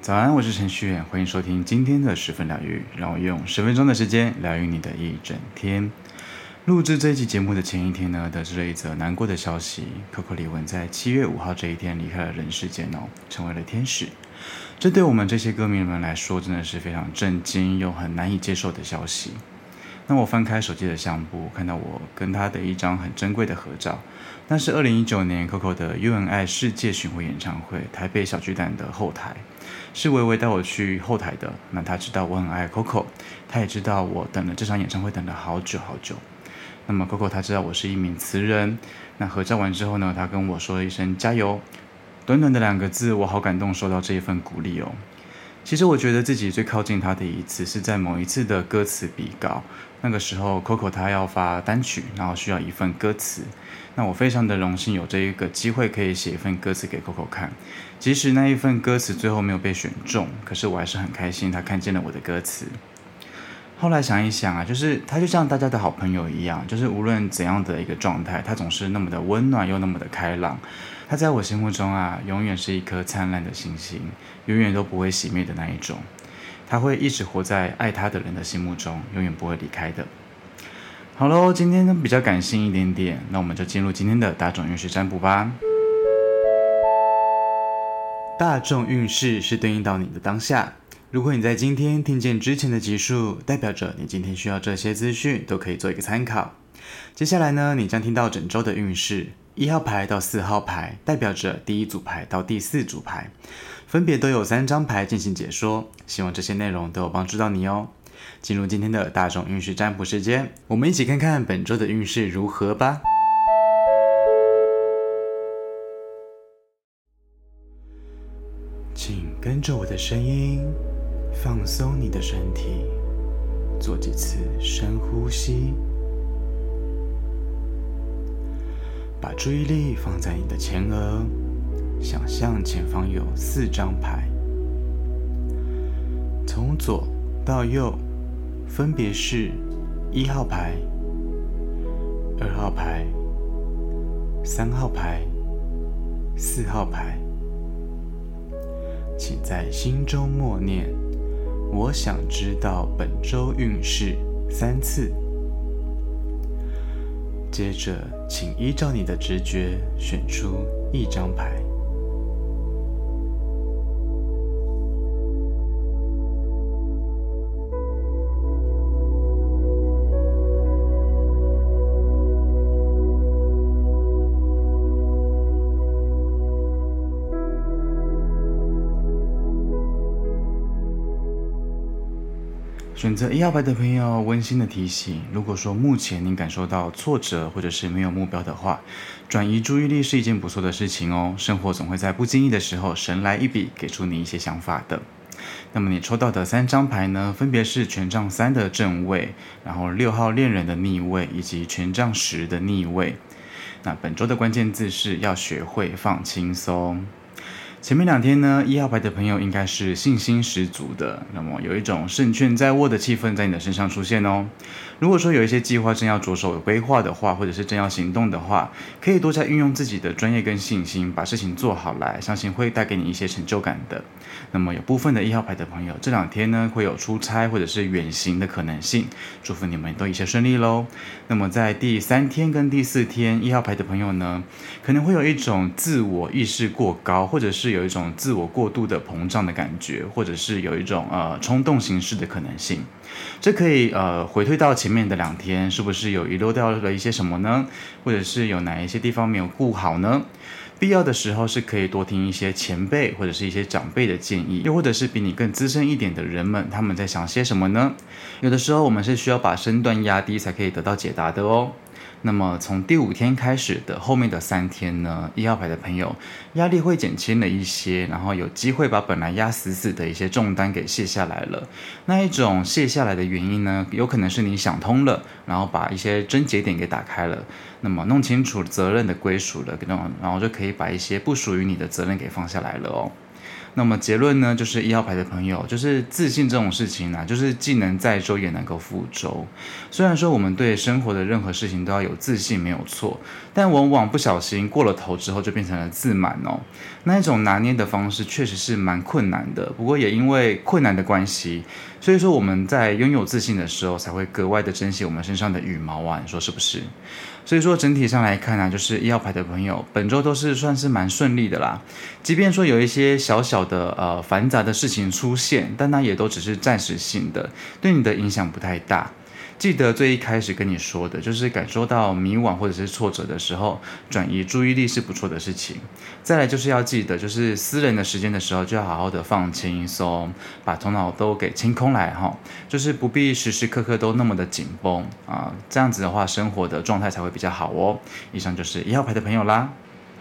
早安，我是許旭遠，歡迎收聽今天的十分療癒，讓我用十分鐘的時間療癒你的一整天。錄製這一期節目的前一天呢，得知了一則難過的消息：CoCo 李玟在七月五號這一天離開了人世間哦，成為了天使。這對我們這些歌迷人們來說，真的是非常震驚又很難以接受的消息。那我翻開手機的相簿，看到我跟他的一張很珍貴的合照，那是二零一九年 Coco 的 UNI 世界巡回演唱會台北小巨蛋的後台，是微微帶我去後台的。那他知道我很愛 Coco，他也知道我等了這場演唱會等了好久好久。那麼 Coco 他知道我是一名詞人，那合照完之後呢，他跟我說了一聲加油，短短的兩個字，我好感動，收到這一份鼓勵哦。其實我覺得自己最靠近他的一次是在某一次的歌詞比稿，那個時候 Coco 他要發單曲，然後需要一份歌詞，那我非常的榮幸有這一個機會可以寫一份歌詞給 Coco 看，即使那一份歌詞最後沒有被選中，可是我還是很開心他看見了我的歌詞。後來想一想啊，就是他就像大家的好朋友一樣，就是無論怎樣的一個狀態，他總是那麼的溫暖又那麼的開朗。他在我心目中啊，永遠是一顆燦爛的星星，永遠都不會熄滅的那一種。他會一直活在愛他的人的心目中，永遠不會離開的。好嘍，今天呢，比較感性一點點，那我們就進入今天的大眾運勢占卜吧。大眾運勢是對應到你的當下，如果你在今天聽見之前的集數，代表着你今天需要這些資訊，都可以做一個參考。接下來呢，你將聽到整周的運勢，一號牌到四號牌代表着第一組牌到第四組牌，分別都有三張牌進行解說。希望這些內容都有幫助到你哦。進入今天的大眾運勢占卜時間，我們一起看看本周的運勢如何吧。請跟着我的聲音，放鬆你的身體，做幾次深呼吸。把注意力放在你的前額，想象前方有四張牌，從左到右，分別是一號牌、二號牌、三號牌、四號牌。請在心中默念：“我想知道本周運勢三次。”接着，請依照你的直覺選出一張牌。選擇一號牌的朋友，溫馨的提醒：如果說目前你感受到挫折或者是沒有目標的話，轉移注意力是一件不錯的事情哦。生活總會在不經意的時候神來一筆，給出你一些想法的。那麼你抽到的三張牌呢，分別是權杖三的正位，然後六號戀人的逆位，以及權杖十的逆位。那本周的關鍵字是要學會放輕鬆。前面兩天呢，一號牌的朋友應該是信心十足的，那麼有一種勝券在握的氣氛在你的身上出現哦。如果說有一些計劃正要着手有規劃的話，或者是正要行動的話，可以多加運用自己的專業跟信心，把事情做好來，相信會帶給你一些成就感的。那麼有部分的一號牌的朋友，這兩天呢，會有出差或者是遠行的可能性，祝福你們都一切順利嘍。那麼在第三天跟第四天，一號牌的朋友呢，可能會有一種自我意識過高，或者是有一種自我過度的膨脹的感覺，或者是有一種呃衝動行事的可能性。這可以呃回退到前面的兩天，是不是有遺漏掉了一些什麼呢？或者是有哪一些地方沒有顧好呢？必要的時候是可以多聽一些前輩或者是一些長輩的建議，又或者是比你更資深一點的人們，他們在想些什麼呢？有的時候我們是需要把身段壓低才可以得到解答的哦。那麼從第五天開始的後面的三天呢，一號牌的朋友壓力會減輕了一些，然後有機會把本來壓死死的一些重擔給卸下來了。那一種卸下來的原因呢，有可能是你想通了，然後把一些症結點給打開了，那麼弄清楚責任的歸屬了，然後就可以把一些不屬於你的責任給放下來了哦。那麼結論呢，就是一號牌的朋友，就是自信這種事情啊，就是既能載舟，也能夠覆舟。雖然說我們對生活的任何事情都要有自信，沒有錯，但往往不小心過了頭之後，就變成了自滿哦。那一種拿捏的方式，確實是蠻困難的。不過也因為困難的關係，所以說我們在擁有自信的時候，才會格外的珍惜我們身上的羽毛啊，你說是不是？所以說整體上來看呢、啊，就是一號牌的朋友本周都是算是蠻順利的啦。即便說有一些小小的呃繁雜的事情出現，但那也都只是暫時性的，對你的影響不太大。記得最一開始跟你說的，就是感受到迷惘或者是挫折的時候，轉移注意力是不錯的事情。再來就是要記得，就是私人的時間的時候，就要好好的放輕鬆，so, 把頭腦都給清空來哈、哦，就是不必時時刻刻都那麼的緊繃啊，這樣子的話，生活的狀態才會比較好哦。以上就是一號牌的朋友啦。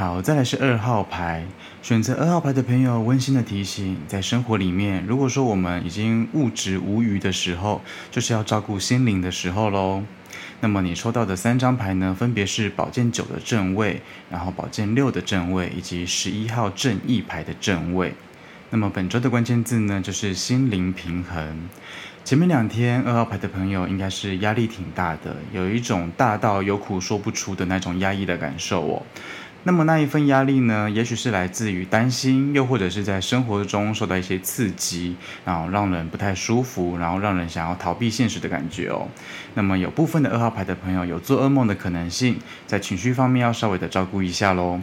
好，再來是二號牌。選擇二號牌的朋友，溫馨的提醒：在生活裡面，如果說我們已經物質無餘的時候，就是要照顧心靈的時候嘍。那麼你抽到的三張牌呢，分別是寶劍九的正位，然後寶劍六的正位，以及十一號正義牌的正位。那麼本周的關鍵字呢，就是心靈平衡。前面兩天二號牌的朋友應該是壓力挺大的，有一種大到有苦說不出的那種壓抑的感受哦。那麼那一份壓力呢，也許是來自於擔心，又或者是在生活中受到一些刺激，然後讓人不太舒服，然後讓人想要逃避現實的感覺哦。那麼有部分的二號牌的朋友有做噩夢的可能性，在情緒方面要稍微的照顧一下嘍。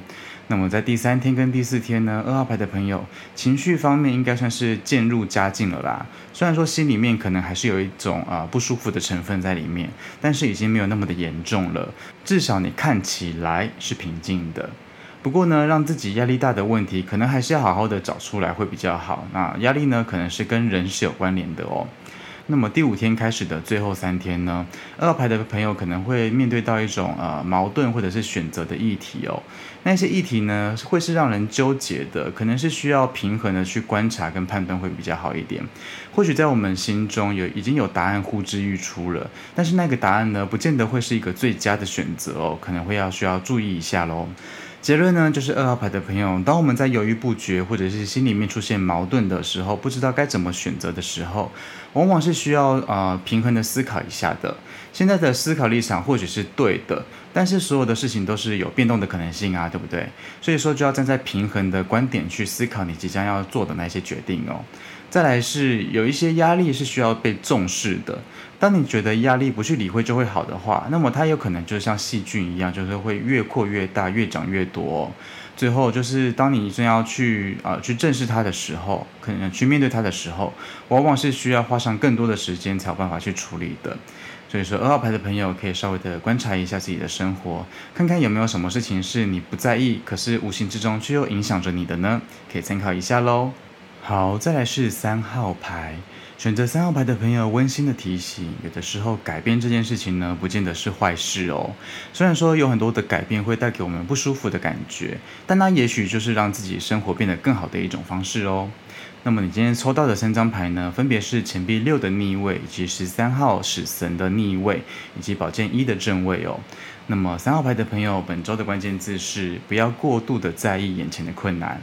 那麼在第三天跟第四天呢，二號牌的朋友情緒方面應該算是漸入佳境了啦。雖然說心裡面可能還是有一種啊、呃、不舒服的成分在裡面，但是已經沒有那麼的嚴重了。至少你看起來是平靜的。不過呢，讓自己壓力大的問題，可能還是要好好的找出來會比較好。那壓力呢，可能是跟人是有關聯的哦。那麼第五天開始的最後三天呢，二排的朋友可能會面對到一種呃矛盾或者是選擇的議題哦。那些議題呢，會是讓人糾結的，可能是需要平衡的去觀察跟判斷會比較好一點。或許在我們心中有已經有答案呼之欲出了，但是那個答案呢，不見得會是一個最佳的選擇哦，可能會要需要注意一下嘍。結論呢，就是二號牌的朋友，當我們在猶豫不決，或者是心裡面出現矛盾的時候，不知道該怎麼選擇的時候，往往是需要呃平衡的思考一下的。現在的思考立場或許是對的，但是所有的事情都是有變動的可能性啊，對不對？所以說就要站在平衡的觀點去思考你即將要做的那些決定哦。再來是有一些壓力是需要被重視的。當你覺得壓力不去理會就會好的話，那麼它有可能就像細菌一樣，就是會越擴越大、越長越多。最後就是當你一定要去啊、呃、去正視它的時候，可能去面對它的時候，往往是需要花上更多的時間才有辦法去處理的。所以說，二號牌的朋友可以稍微的觀察一下自己的生活，看看有沒有什麼事情是你不在意，可是無形之中卻又影響着你的呢？可以參考一下嘍。好，再來是三號牌。選擇三號牌的朋友，溫馨的提醒：有的時候改變這件事情呢，不見得是壞事哦。雖然說有很多的改變會帶給我們不舒服的感覺，但那也許就是讓自己生活變得更好的一種方式哦。那麼你今天抽到的三張牌呢，分別是錢幣六的逆位，以及十三號死神的逆位，以及寶劍一的正位哦。那麼三號牌的朋友，本周的關鍵字是不要過度的在意眼前的困難。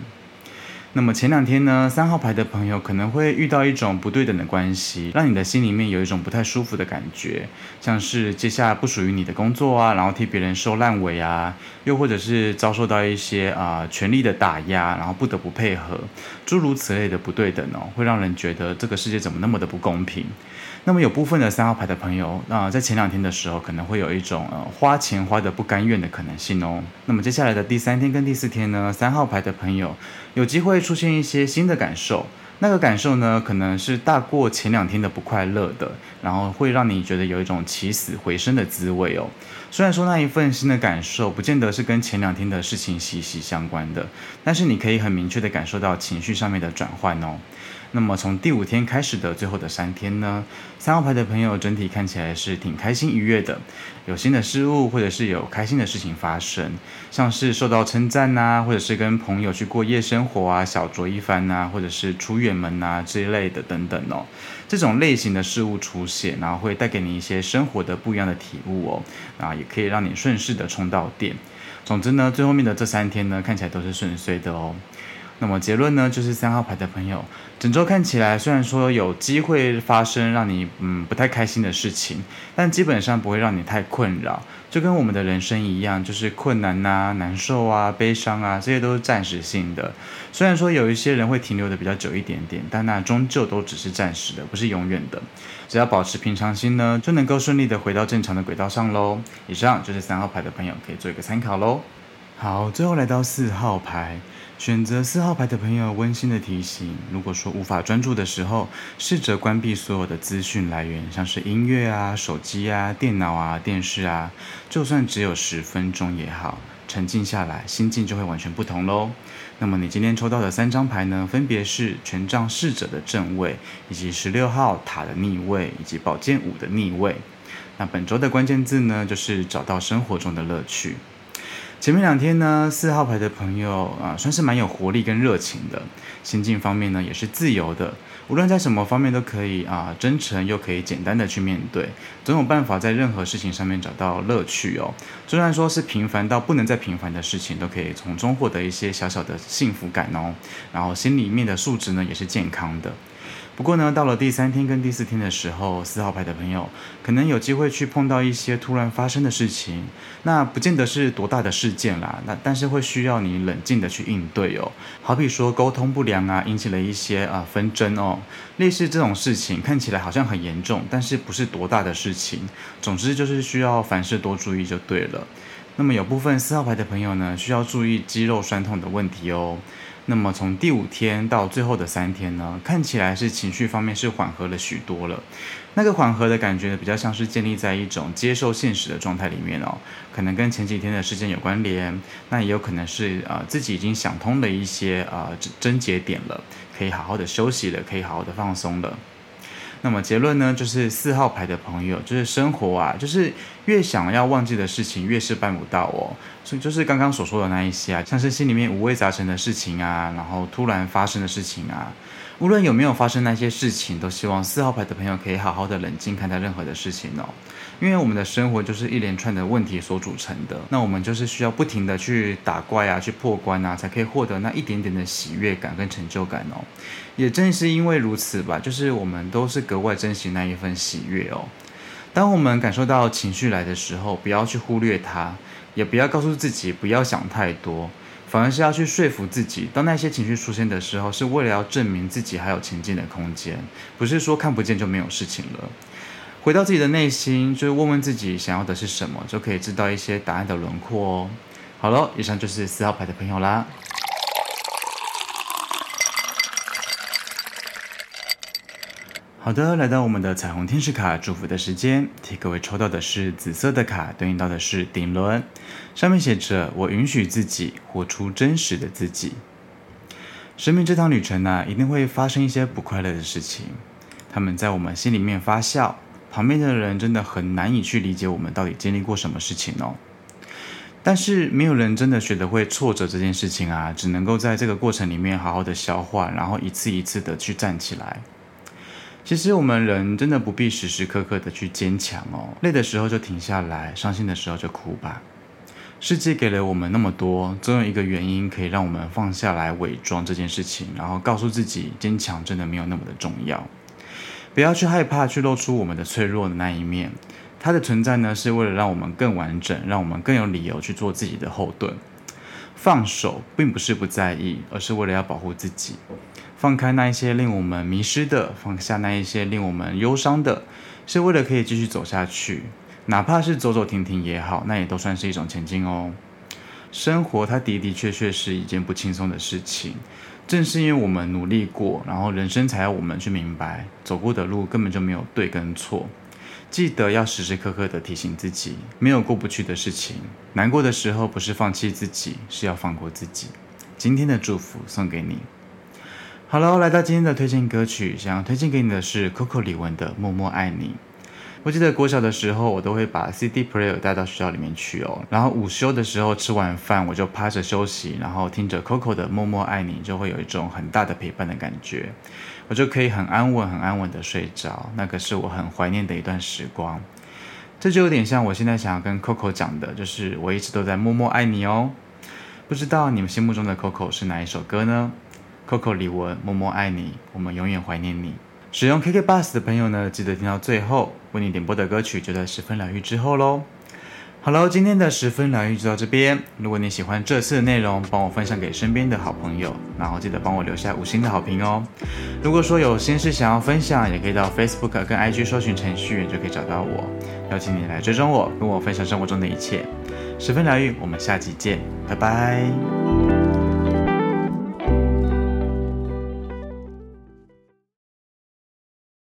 那麼前兩天呢，三號牌的朋友可能會遇到一種不對等的關係，讓你的心裡面有一種不太舒服的感覺，像是接下不屬於你的工作啊，然後替別人收爛尾啊，又或者是遭受到一些啊呃、權力的打壓，然後不得不配合，諸如此類的不對等哦，會讓人覺得這個世界怎麼那麼的不公平。那麼有部分的三號牌的朋友，那、呃、在前兩天的時候，可能會有一種呃花錢花得不甘願的可能性哦。那麼接下來的第三天跟第四天呢，三號牌的朋友有機會出現一些新的感受，那個感受呢，可能是大過前兩天的不快樂的，然後會讓你覺得有一種起死回生的滋味哦。雖然說那一份新的感受不見得是跟前兩天的事情息息相關的，但是你可以很明確的感受到情緒上面的轉換哦。那麼從第五天開始的最後的三天呢，三號牌的朋友整體看起來是挺開心愉悅的，有新的事物或者是有開心的事情發生，像是受到稱讚吶、啊，或者是跟朋友去過夜生活啊，小酌一番吶、啊，或者是出遠門吶這一類的等等哦，這種類型的事物出現，然後會帶給你一些生活的不一樣的體悟哦，啊，也可以讓你順勢的充到電。總之呢，最後面的這三天呢，看起來都是順遂的哦。那麼結論呢，就是三號牌的朋友，整週看起來雖然說有機會發生讓你嗯不太開心的事情，但基本上不會讓你太困擾。就跟我們的人生一樣，就是困難啊、難受啊、悲傷啊，這些都是暫時性的。雖然說有一些人會停留的比較久一點點，但那終究都只是暫時的，不是永遠的。只要保持平常心呢，就能夠順利的回到正常的軌道上嘍。以上就是三號牌的朋友可以做一個參考嘍。好，最後來到四號牌。選擇四號牌的朋友，溫馨的提醒：如果說無法專注的時候，試着關閉所有的資訊來源，像是音樂啊、手機啊、電腦啊、電視啊，就算只有十分鐘也好，沉靜下來，心境就會完全不同嘍。那麼你今天抽到的三張牌呢，分別是權杖侍者的正位，以及十六號塔的逆位，以及寶劍五的逆位。那本周的關鍵字呢，就是找到生活中的樂趣。前面兩天呢，四號牌的朋友啊、呃，算是蠻有活力跟熱情的。心境方面呢，也是自由的，無論在什麼方面都可以啊、呃，真誠又可以簡單的去面對，總有辦法在任何事情上面找到樂趣哦。雖然說是平凡到不能再平凡的事情，都可以從中獲得一些小小的幸福感哦。然後心裡面的素質呢，也是健康的。不過呢，到了第三天跟第四天的時候，四號牌的朋友可能有機會去碰到一些突然發生的事情，那不見得是多大的事件啦，那但是會需要你冷靜的去應對哦。好比說溝通不良啊，引起了一些啊紛爭哦，類似這種事情看起來好像很嚴重，但是不是多大的事情，總之就是需要凡事多注意就對了。那麼有部分四號牌的朋友呢，需要注意肌肉酸痛的問題哦。那麼從第五天到最後的三天呢，看起來是情緒方面是緩和了許多了。那個緩和的感覺呢，比較像是建立在一種接受現實的狀態裡面哦。可能跟前幾天的事件有關聯，那也有可能是啊、呃，自己已經想通了一些呃症，症結點了，可以好好的休息了，可以好好的放鬆了。那麼結論呢，就是四號牌的朋友，就是生活啊，就是。越想要忘記的事情，越是辦不到哦。所以就是剛剛所說的那一些啊，像是心裡面五味雜陳的事情啊，然後突然發生的事情啊，無論有沒有發生那些事情，都希望四號牌的朋友可以好好的冷靜看待任何的事情哦。因為我們的生活就是一連串的問題所組成的，那我們就是需要不停地去打怪啊，去破關啊，才可以獲得那一點點的喜悅感跟成就感哦。也正是因為如此吧，就是我們都是格外珍惜那一份喜悅哦。當我們感受到情緒來的時候，不要去忽略它，也不要告訴自己不要想太多，反而是要去說服自己，當那些情緒出現的時候，是為了要證明自己還有前進的空間，不是說看不見就沒有事情了。回到自己的內心，就是問問自己想要的是什麼，就可以知道一些答案的輪廓哦。好嘍，以上就是四號牌的朋友啦。好的，來到我們的彩虹天使卡祝福的時間，替各位抽到的是紫色的卡，對應到的是頂輪，上面寫着：“我允許自己活出真實的自己。”生命這趟旅程呢、啊，一定會發生一些不快樂的事情，他們在我們心裡面發酵，旁邊的人真的很難以去理解我們到底經歷過什麼事情哦。但是沒有人真的學得會挫折這件事情啊，只能夠在這個過程裡面好好的消化，然後一次一次的去站起來。其實我們人真的不必時時刻刻的去堅強哦，累的時候就停下來，傷心的時候就哭吧。世界給了我們那麼多，總有一個原因可以讓我們放下來偽裝這件事情，然後告訴自己，堅強真的沒有那麼的重要。不要去害怕去露出我們的脆弱的那一面，它的存在呢是為了讓我們更完整，讓我們更有理由去做自己的後盾。放手並不是不在意，而是為了要保護自己。放開那一些令我們迷失的，放下那一些令我們憂傷的，是為了可以繼續走下去，哪怕是走走停停也好，那也都算是一種前進哦。生活它的的確確是一件不輕鬆的事情，正是因為我們努力過，然後人生才要我們去明白，走過的路根本就沒有對跟錯。記得要時時刻刻的提醒自己，沒有過不去的事情，難過的時候不是放棄自己，是要放過自己。今天的祝福送給你。好了，來到今天的推薦歌曲，想要推薦給你的是 Coco 李玟的《默默愛你》。我記得國小的時候，我都會把 CD player 帶到學校裡面去哦。然後午休的時候吃完飯，我就趴着休息，然後聽着 Coco 的《默默愛你》，就會有一種很大的陪伴的感覺。我就可以很安穩、很安穩的睡着。那個是我很懷念的一段時光。這就有點像我現在想要跟 Coco 講的，就是我一直都在默默愛你哦。不知道你們心目中的 Coco 是哪一首歌呢？Coco 李玟、默默愛你，我們永遠懷念你。使用 KKBus 的朋友呢，記得聽到最後，為你點播的歌曲就在十分療癒之後嘍。哈嘍今天的十分療癒就到這邊。如果你喜歡這次的內容，幫我分享給身邊的好朋友，然後記得幫我留下五星的好評哦。如果說有心事想要分享，也可以到 Facebook、啊、跟 IG 搜尋程序，就可以找到我，邀請你來追蹤我，跟我分享生活中的一切。十分療癒，我們下集見，拜拜。